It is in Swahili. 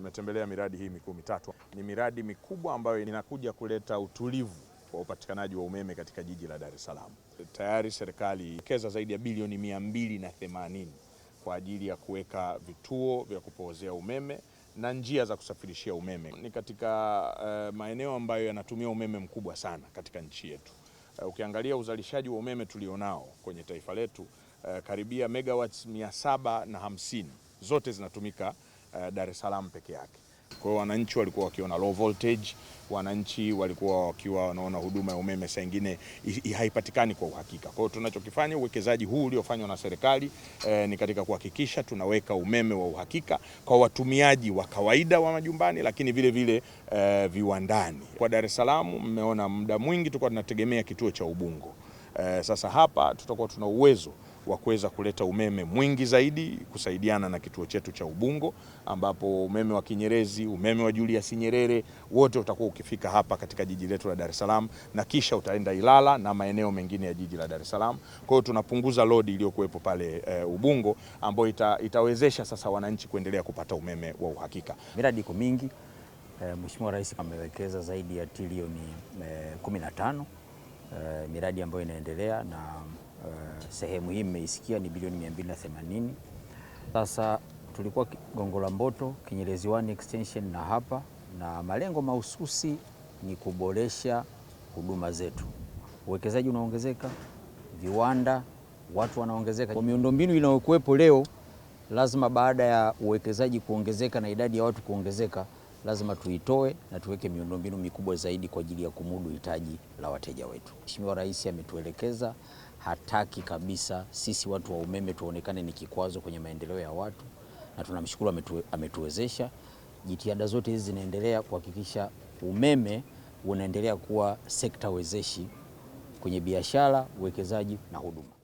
tumetembelea miradi hii mikuu mitatu. Ni miradi mikubwa ambayo inakuja kuleta utulivu wa upatikanaji wa umeme katika jiji la Dar es Salaam. Tayari serikali ikeza zaidi ya bilioni mia mbili na themanini kwa ajili ya kuweka vituo vya kupoozea umeme na njia za kusafirishia umeme. Ni katika uh, maeneo ambayo yanatumia umeme mkubwa sana katika nchi yetu. Uh, ukiangalia uzalishaji wa umeme tulionao kwenye taifa letu uh, karibia megawatts mia saba na hamsini zote zinatumika uh, Dar es Salaam peke yake. Kwa hiyo wananchi walikuwa wakiona low voltage, wananchi walikuwa wakiwa wanaona huduma ya umeme saa nyingine haipatikani kwa uhakika. Kwa hiyo tunachokifanya, uwekezaji huu uliofanywa na serikali eh, ni katika kuhakikisha tunaweka umeme wa uhakika kwa watumiaji wa kawaida wa majumbani, lakini vile vile eh, viwandani. Kwa Dar es Salaam mmeona muda mwingi tulikuwa tunategemea kituo cha Ubungo. Eh, sasa hapa tutakuwa tuna uwezo wa kuweza kuleta umeme mwingi zaidi kusaidiana na kituo chetu cha Ubungo, ambapo umeme wa Kinyerezi, umeme wa Julius Nyerere wote utakuwa ukifika hapa katika jiji letu la Dar es Salaam na kisha utaenda Ilala na maeneo mengine ya jiji la Dar es Salaam. Kwa hiyo tunapunguza lodi iliyokuwepo pale e, Ubungo ambayo ita, itawezesha sasa wananchi kuendelea kupata umeme wa uhakika. Miradi iko mingi e, Mheshimiwa Rais amewekeza zaidi ya trilioni e, 15 e, miradi ambayo inaendelea na Eh, sehemu hii mmeisikia ni bilioni 280. Sasa tulikuwa Gongo la Mboto, Kinyeleziwani extension na hapa, na malengo mahususi ni kuboresha huduma zetu. Uwekezaji unaongezeka, viwanda, watu wanaongezeka. Kwa miundombinu inayokuwepo leo, lazima baada ya uwekezaji kuongezeka na idadi ya watu kuongezeka lazima tuitoe na tuweke miundombinu mikubwa zaidi kwa ajili ya kumudu hitaji la wateja wetu. Mheshimiwa Rais ametuelekeza, hataki kabisa sisi watu wa umeme tuonekane ni kikwazo kwenye maendeleo ya watu, na tunamshukuru ametu, ametuwezesha. Jitihada zote hizi zinaendelea kuhakikisha umeme unaendelea kuwa sekta wezeshi kwenye biashara, uwekezaji na huduma.